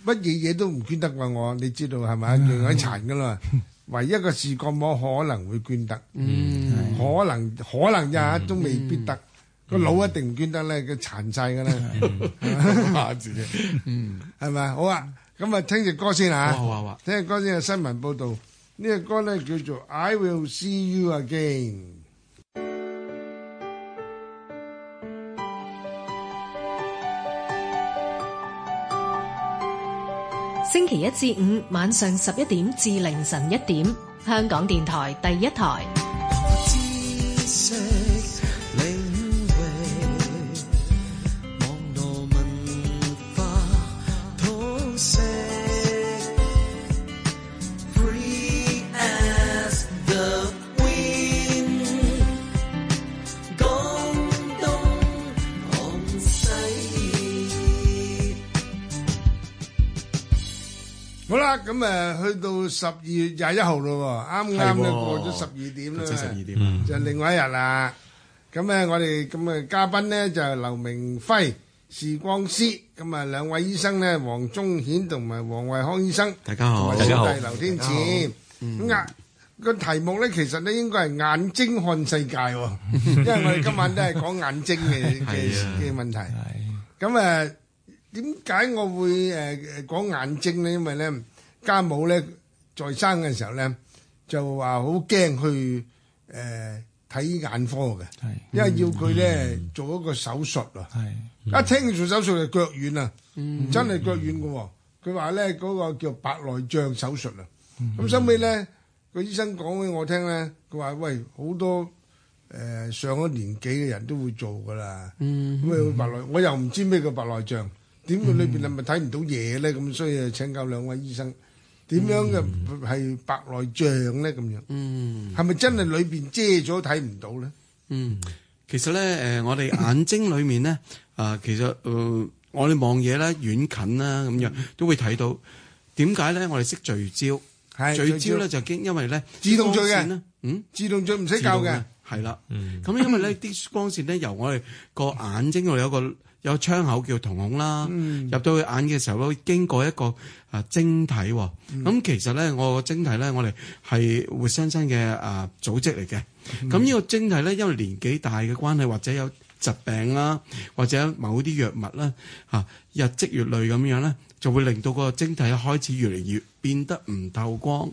乜嘢嘢都唔捐得啩我，你知道係咪？樣樣殘噶啦，唯一個視覺膜可能會捐得，可能可能呀，都未必得。個腦一定唔捐得咧，佢殘晒噶啦，嚇，係咪？好啊，咁啊聽住歌先啊，聽住歌先啊，新聞報道。呢個歌呢叫做《I Will See You Again》。星期一至五晚上十一點至凌晨一點，香港電台第一台。咁誒，去到十二月廿一號咯，啱啱咧，過咗十二點啦，的就另外一日啦。咁咧、嗯，我哋咁嘅嘉賓咧就係劉明輝視光師，咁啊兩位醫生咧，黃宗顯同埋黃惠康醫生。大家好，我係劉天賜。咁、嗯、啊，個題目咧，其實咧應該係眼睛看世界，因為我哋今晚都係講眼睛嘅嘅嘅問題。咁啊，點解我會誒講眼睛咧？因為咧。家母咧在生嘅時候咧，就話好驚去誒睇眼科嘅，因為要佢咧做一個手術啊。一聽要做手術就腳軟啊，真係腳軟㗎喎。佢話咧嗰個叫白內障手術啊。咁收尾咧，個醫生講畀我聽咧，佢話喂，好多誒上咗年紀嘅人都會做㗎啦。咁啊，白內我又唔知咩叫白內障，點佢裏邊係咪睇唔到嘢咧？咁所以請教兩位醫生。點樣嘅係白內障咧？咁樣，嗯，係咪真係裏面遮咗睇唔到咧？嗯，其實咧，誒，我哋眼睛裏面咧，啊、呃，其實，嗯、呃，我哋望嘢咧，遠近啦，咁樣都會睇到。點解咧？我哋識聚焦，係聚焦咧就經因為咧自動聚焦嘅。嗯，自動最唔使教嘅，係啦。咁、嗯、因為呢啲光線咧由我哋個眼睛裏有個。有窗口叫瞳孔啦，嗯、入到去眼嘅時候咧，經過一個啊晶體，咁、嗯、其實咧我個晶體、嗯、個晶體咧，我哋係活生生嘅啊組織嚟嘅。咁呢個晶體咧，因為年紀大嘅關係，或者有疾病啦，或者某啲藥物啦，嚇日積月累咁樣咧，就會令到個晶體開始越嚟越變得唔透光。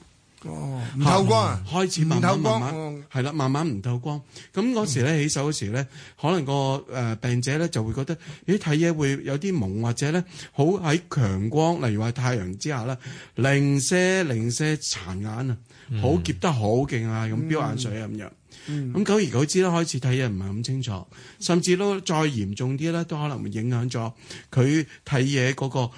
哦，唔透光、啊，開始慢慢唔透光慢慢，係啦、哦，慢慢唔透光。咁嗰時咧起手嗰時咧，嗯、可能個誒病者咧就會覺得咦，睇嘢會有啲蒙，或者咧好喺強光，例如話太陽之下啦，零些零些殘眼啊，好結、嗯、得好勁啊，咁飆眼水啊咁樣。咁、嗯、久而久之咧，開始睇嘢唔係咁清楚，甚至都再嚴重啲咧，都可能會影響咗佢睇嘢嗰個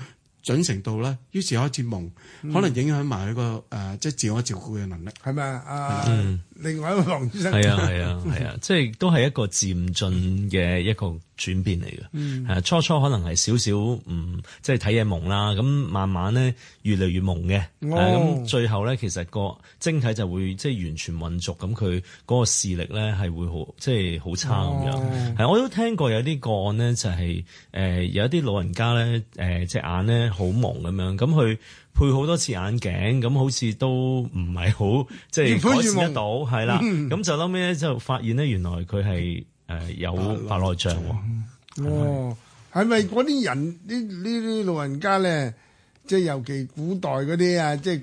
準程度咧，於是開始矇，嗯、可能影響埋一個誒，即、呃、係自我照顧嘅能力，係咪啊？是嗯另外一位黃醫生，係 啊係啊係啊，即係都係一個漸進嘅一個轉變嚟嘅。係、嗯、初初可能係少少唔即係睇嘢蒙啦，咁慢慢咧越嚟越蒙嘅。咁、哦、最後咧，其實個晶體就會即係、就是、完全混濁，咁佢嗰個視力咧係會好即係好差咁樣。係、哦、我都聽過有啲個案咧，就係、是、誒、呃、有一啲老人家咧誒、呃、隻眼咧好蒙咁樣，咁佢。配好多次眼鏡，咁好似都唔係好即係改善得到，係啦。咁了、嗯、就後尾咧，就發現咧，原來佢係誒有白內障喎。哦、嗯，係咪嗰啲人，啲呢啲老人家咧，即係尤其古代嗰啲啊，即係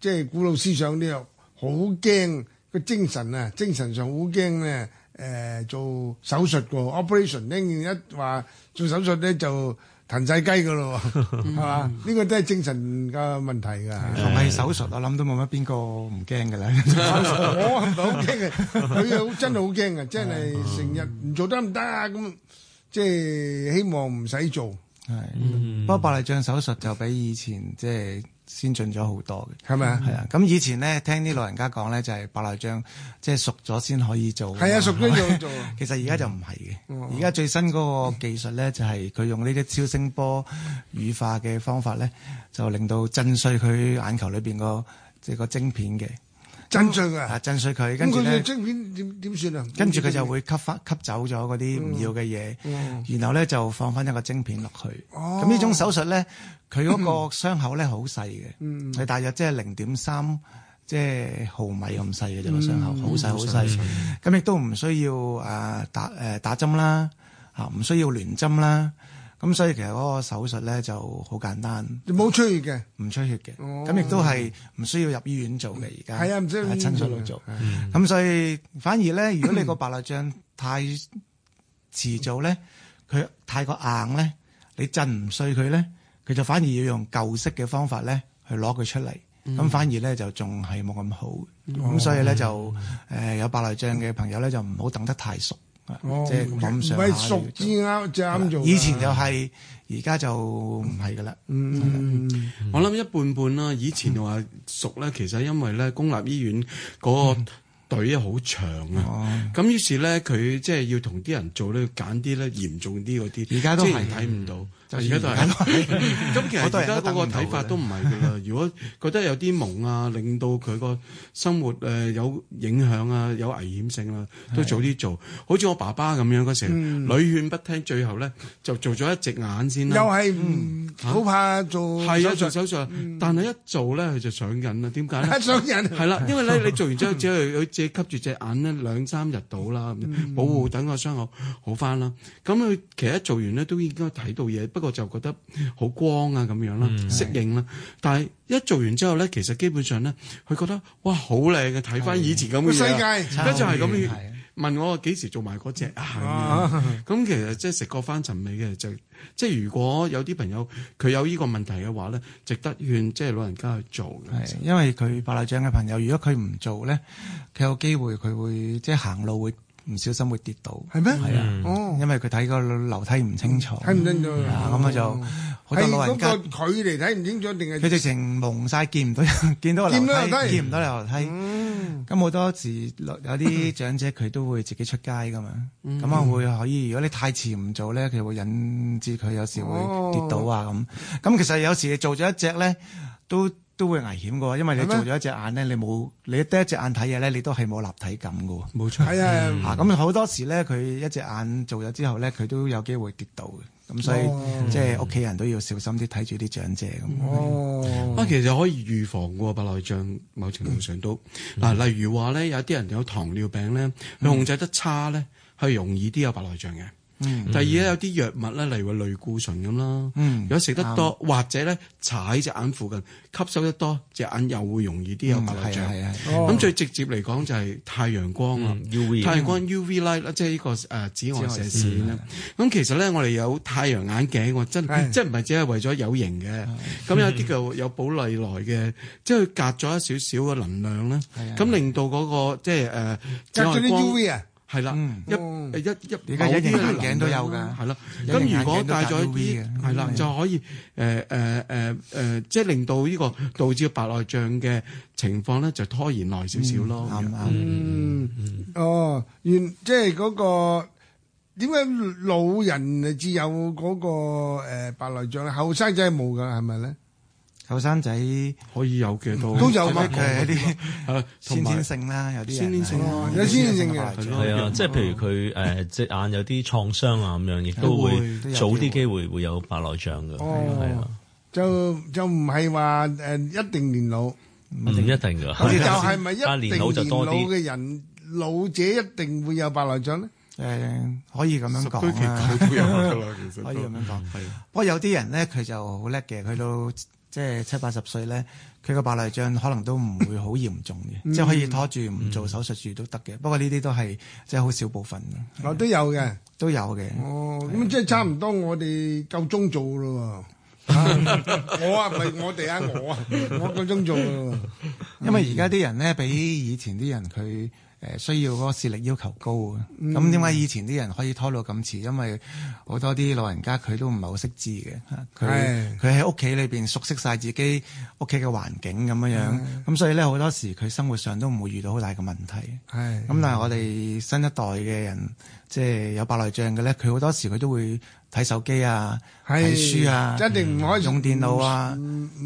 即係古老思想啲，好驚個精神啊，精神上好驚咧。誒、呃、做手術嘅 operation 咧，一話做手術咧就。騰曬雞噶咯，係嘛、嗯？呢、呢個都係精神嘅問題㗎。同係手術，我諗都冇乜邊個唔驚嘅啦。 我唔係好驚嘅，佢又好真係好驚嘅，真係成日唔做得唔得啊！咁即係希望唔使做。係、嗯，不過白內障手術就比以前即係，先進咗好多嘅，係咪啊？係啊！咁以前咧，聽啲老人家講咧，就係白內障即係熟咗先可以做。係啊，熟咗先可以做。 其實而家就唔係嘅，而家、嗯、最新嗰個技術咧，就係、係、佢用呢啲超聲波乳化嘅方法咧，就令到震碎佢眼球裏邊個即係個晶片嘅。啊、震碎嘅，啊震碎佢，跟住咧、嗯、晶片點點算啊？跟住佢就會吸翻吸走咗嗰啲唔要嘅嘢，嗯嗯、然後咧就放翻一個晶片落去。咁呢、哦、種手術咧，佢嗰個傷口咧好細嘅，佢、嗯嗯、大約 3, 即係零點三即係毫米咁細嘅啫，個傷口好細好細。咁亦都唔需要誒打誒打,打針啦，嚇唔需要聯針啦。咁所以其實嗰個手術咧就好簡單，冇出血嘅，唔出血嘅，咁亦、哦、都係唔需要入醫院做嘅而家，係啊，唔需要入醫院去、啊、做，咁、嗯、所以反而咧，如果你個白內障太遲做咧，佢太過硬咧，你震唔碎佢咧，佢就反而要用舊式嘅方法咧去攞佢出嚟，咁、嗯、反而咧就仲係冇咁好，咁、嗯嗯、所以咧就誒、呃、有白內障嘅朋友咧就唔好等得太熟。即係咁想，哦、上熟之啱即係啱做。以前就係、是，而家就唔係㗎啦。嗯，的我諗一半半啦。以前就話熟咧，嗯、其實因為咧公立醫院嗰個隊好長啊。咁、嗯、於是咧，佢即係要同啲人做咧，要揀啲咧嚴重啲嗰啲。而家都係睇唔到。就而家都係，咁其實而家嗰個睇法都唔係㗎啦。如果覺得有啲矇啊，令到佢個生活誒有影響啊，有危險性啦，都早啲做。好似我爸爸咁樣嗰時，屢勸不聽，最後咧就做咗一隻眼先啦。又係好怕做，係啊，做手術。但係一做咧，佢就上癮啦。點解咧？上癮係啦，因為咧你做完之後只係佢借吸住隻眼咧兩三日到啦，咁樣保護等個傷口好翻啦。咁佢其實做完咧都應該睇到嘢。一個就覺得好光啊咁樣啦，適、嗯、應啦。是的 但係一做完之後咧，其實基本上咧，佢覺得哇好靚嘅，睇翻以前咁嘅世界，而家就係咁樣問我幾時做埋嗰隻啊？咁、啊、其實即係食過翻尋味嘅，就即、是、係如果有啲朋友佢有呢個問題嘅話咧，值得勸即係老人家去做嘅，因為佢白內障嘅朋友，如果佢唔做咧，佢有機會佢會即係、就是、行路會。唔小心會跌倒，係咩？係啊，因為佢睇個樓梯唔清楚，睇唔清楚，咁啊就係嗰個距離睇唔清楚，定係佢直情蒙晒，見唔到人。見到個樓梯，見唔到個樓梯。咁好多時有啲長者佢都會自己出街噶嘛，咁我會可以。如果你太遲唔做咧，佢會引致佢有時會跌倒啊咁。咁其實有時做咗一隻咧都。都會危險嘅喎，因為你做咗一隻眼咧嗎，你冇你得一隻眼睇嘢咧，你都係冇立體感嘅喎。冇錯，係啊，咁好多時咧，佢一隻眼做咗之後咧，佢都有機會跌倒嘅。咁所以、哦嗯、即係屋企人都要小心啲睇住啲長者咁。嗯、哦，啊，其實可以預防嘅喎，白內障，某程度上都嗱，嗯、例如話咧，有啲人有糖尿病咧，佢控制得差咧，係、嗯、容易啲有白內障嘅。第二咧有啲藥物咧，例如話類固醇咁啦，有食得多或者咧搽喺隻眼附近吸收得多，隻眼又會容易啲有白內障。咁最直接嚟講就係太陽光啊，太陽光 UV light 啦，即係呢個誒紫外射線啦。咁其實咧我哋有太陽眼鏡，我真即係唔係只係為咗有型嘅，咁有啲就有保麗來嘅，即係佢隔咗一少少嘅能量咧，咁令到嗰個即係誒紫外光。係啦，一誒一一有啲、嗯、人眼鏡，鏡都有嘅，係咯、嗯。咁如果戴咗啲，係啦，就可以誒誒誒誒，即係令到呢個導致白內障嘅情況咧，就拖延耐少少咯，啱唔啱？嗯嗯、哦，原即係嗰個點解老人至有嗰個誒白內障，後生仔冇㗎，係咪咧？後生仔可以有幾多？都有嘅，有啲先天性啦，有啲先天性，有先天性嘅，係啊，即係譬如佢誒隻眼有啲創傷啊咁樣，亦都會早啲機會會有白內障嘅，係啊，就就唔係話誒一定年老，唔一定嘅，就係咪一定年老就多啲嘅人老者一定會有白內障咧？誒，可以咁樣講可以咁樣講，係。不過有啲人咧，佢就好叻嘅，佢都。即係七八十歲咧，佢個白內障可能都唔會好嚴重嘅，嗯、即係可以拖住唔做手術住都得嘅。嗯、不過呢啲都係即係好少部分。哦，是都有嘅，都有嘅。哦，咁是即係差唔多我，我哋夠鐘做咯。我啊，唔係我哋啊，我啊，我夠鐘做。 因為而家啲人咧，比以前啲人佢。誒需要嗰個視力要求高嘅。咁點解以前啲人可以拖到咁遲？因為好多啲老人家佢都唔係好識字嘅，佢佢喺屋企裏邊熟悉晒自己屋企嘅環境咁樣樣，咁所以咧好多時佢生活上都唔會遇到好大嘅問題。係，咁但係我哋新一代嘅人，即係有白內障嘅咧，佢好多時佢都會。睇手機啊，睇書啊，一定唔可以用電腦啊。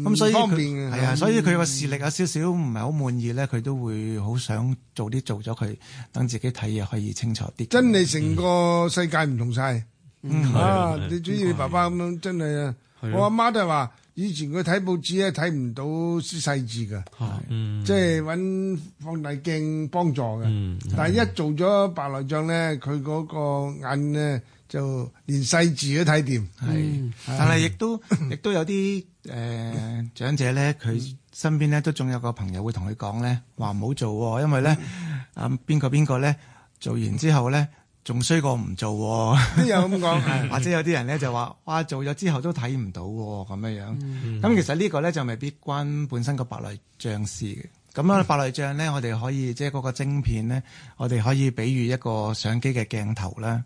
咁所以方便係啊，所以佢個視力有少少唔係好滿意咧，佢都會好想做啲做咗佢，等自己睇嘢可以清楚啲。真係成個世界唔同晒。啊！你主要你爸爸咁樣真係啊，我阿媽都係話，以前佢睇報紙咧睇唔到啲細字㗎，即係揾放大鏡幫助嘅。但係一做咗白內障咧，佢嗰個眼咧。就連細字都睇掂，係是，嗯、但係亦都亦 都有啲誒、呃、長者咧，佢身邊咧都仲有個朋友會同佢講咧，話唔好做喎、哦，因為咧啊邊個邊個咧做完之後咧仲衰過唔做、哦，又咁講， 或者有啲人咧就話哇做咗之後都睇唔到喎、哦，咁樣樣，咁、嗯、其實個呢個咧就未必關本身個白內障事嘅，咁啊白內障咧，我哋可以即係嗰個晶片咧，我哋可以比喻一個相機嘅鏡頭啦。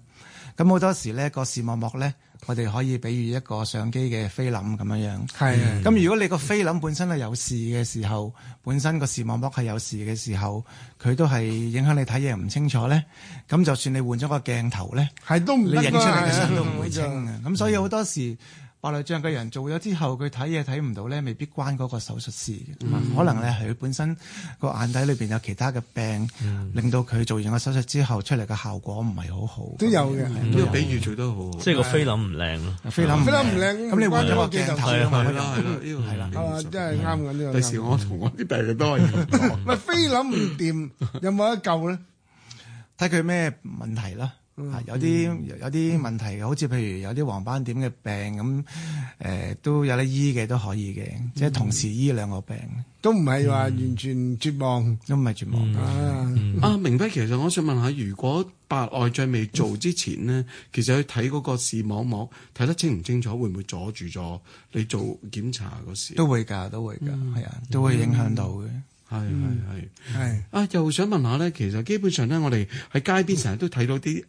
咁好多時咧個視網膜咧，我哋可以比喻一個相機嘅菲林咁樣樣。係的。咁如果你個菲林本身係有事嘅時候，本身個視網膜係有事嘅時候，佢都係影響你睇嘢唔清楚咧。咁就算你換咗個鏡頭咧，係都你影出嚟嘅相都唔會清啊。咁所以好多時，白內障嘅人做咗之後，佢睇嘢睇唔到咧，未必關嗰個手術事嘅，可能咧佢本身個眼底裏邊有其他嘅病，令到佢做完個手術之後出嚟嘅效果唔係好好。都有嘅。呢個比喻做得好，即係個菲林唔靚咯，菲林唔靚咁你換咗個鏡頭。係啦係啦，係啦，係啦，係啱緊呢個。第時我同我啲病人多，咪菲林唔掂，有冇得救咧？睇佢咩問題啦？有啲有啲問題嘅，好似譬如有啲黃斑點嘅病咁，誒都有得醫嘅，都可以嘅，即係同時醫兩個病，都唔係話完全絕望，都唔係絕望啊！明輝。其實我想問下，如果白內障未做之前呢，其實去睇嗰個視網膜睇得清唔清楚，會唔會阻住咗你做檢查嗰時？都會㗎，都會㗎，係啊，都會影響到嘅。係係係係。啊，又想問下咧，其實基本上咧，我哋喺街邊成日都睇到啲。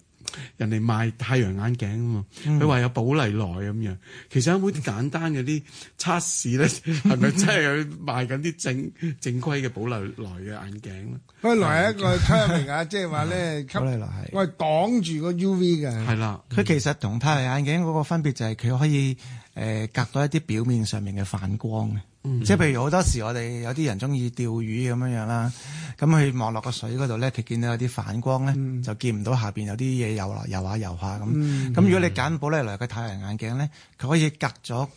人哋賣太陽眼鏡啊嘛，佢話、嗯、有保麗來咁樣，其實有冇啲簡單嘅啲測試咧？係咪 真係去賣緊啲正正規嘅保麗來嘅眼鏡咧？保麗 來一個透明啊， 即係話咧，我係擋住個 U V 嘅。係啦的，佢其實同太陽眼鏡嗰個分別就係佢可以。誒、呃、隔到一啲表面上面嘅反光嘅，嗯、即係譬如好多時我哋有啲人中意釣魚咁樣樣啦，咁佢望落個水嗰度咧，佢見到有啲反光咧，嗯、就見唔到下邊有啲嘢游嚟游下游下咁。咁、嗯、如果你揀保麗來嘅太陽眼鏡咧，佢可以隔咗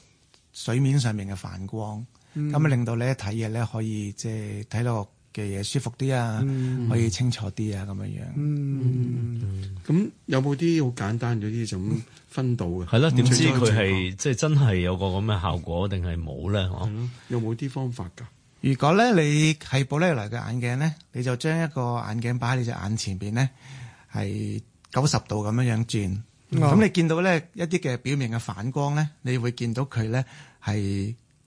水面上面嘅反光，咁啊、嗯、令到你一睇嘢咧可以即係睇到。嘅嘢舒服啲啊，嗯、可以清楚啲啊，咁樣、嗯、樣。嗯，咁、嗯、有冇啲好簡單嘅呢種分度？嘅？係咯，點知佢係即係真係有個咁嘅效果定係冇咧？哦，有冇啲方法噶？如果咧你係玻璃嚟嘅眼鏡咧，你就將一個眼鏡擺喺你隻眼前邊咧，係九十度咁樣樣轉。咁、嗯、你見到咧一啲嘅表面嘅反光咧，你會見到佢咧係。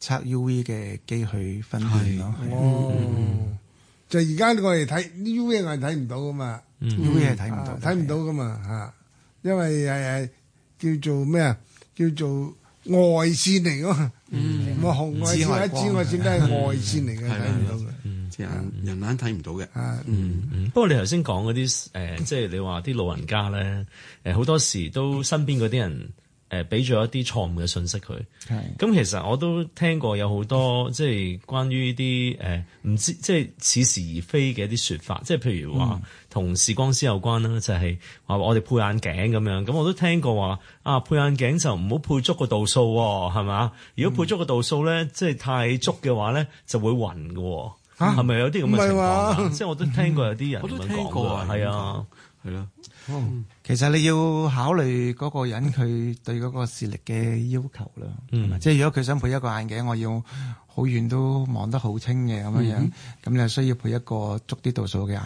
測 U V 嘅機去分析開咯，就而家我哋睇 U V 係睇唔到噶嘛，U V 係睇唔到，睇唔到噶嘛嚇，因為係叫做咩啊？叫做外線嚟噶嘛，冇紅外線、紫外線都係外線嚟嘅，睇唔到嘅，人眼睇唔到嘅。不過你頭先講嗰啲誒，即係你話啲老人家咧，誒好多時都身邊嗰啲人。誒俾咗一啲錯誤嘅信息佢，係咁是的 其實我都聽過有好多即係關於啲誒唔知即係似是而非嘅一啲説法，即係譬如話同視光師有關啦，就係話我哋配眼鏡咁樣，咁我都聽過話啊配眼鏡就唔好配足個度數喎、哦，係咪？如果配足個度數咧，即係太足嘅話咧，就會暈㗎喎、哦，係咪蛤有啲咁嘅情況？啊、不說 即係我都聽過有啲人咁講 過，係啊，係咯。 其實你要考慮個人佢對個視力嘅要求啦，嗯、即係如果佢想配一個眼鏡，我要好遠都望得好清嘅咁樣樣，咁你需要配一個足啲度數嘅眼鏡。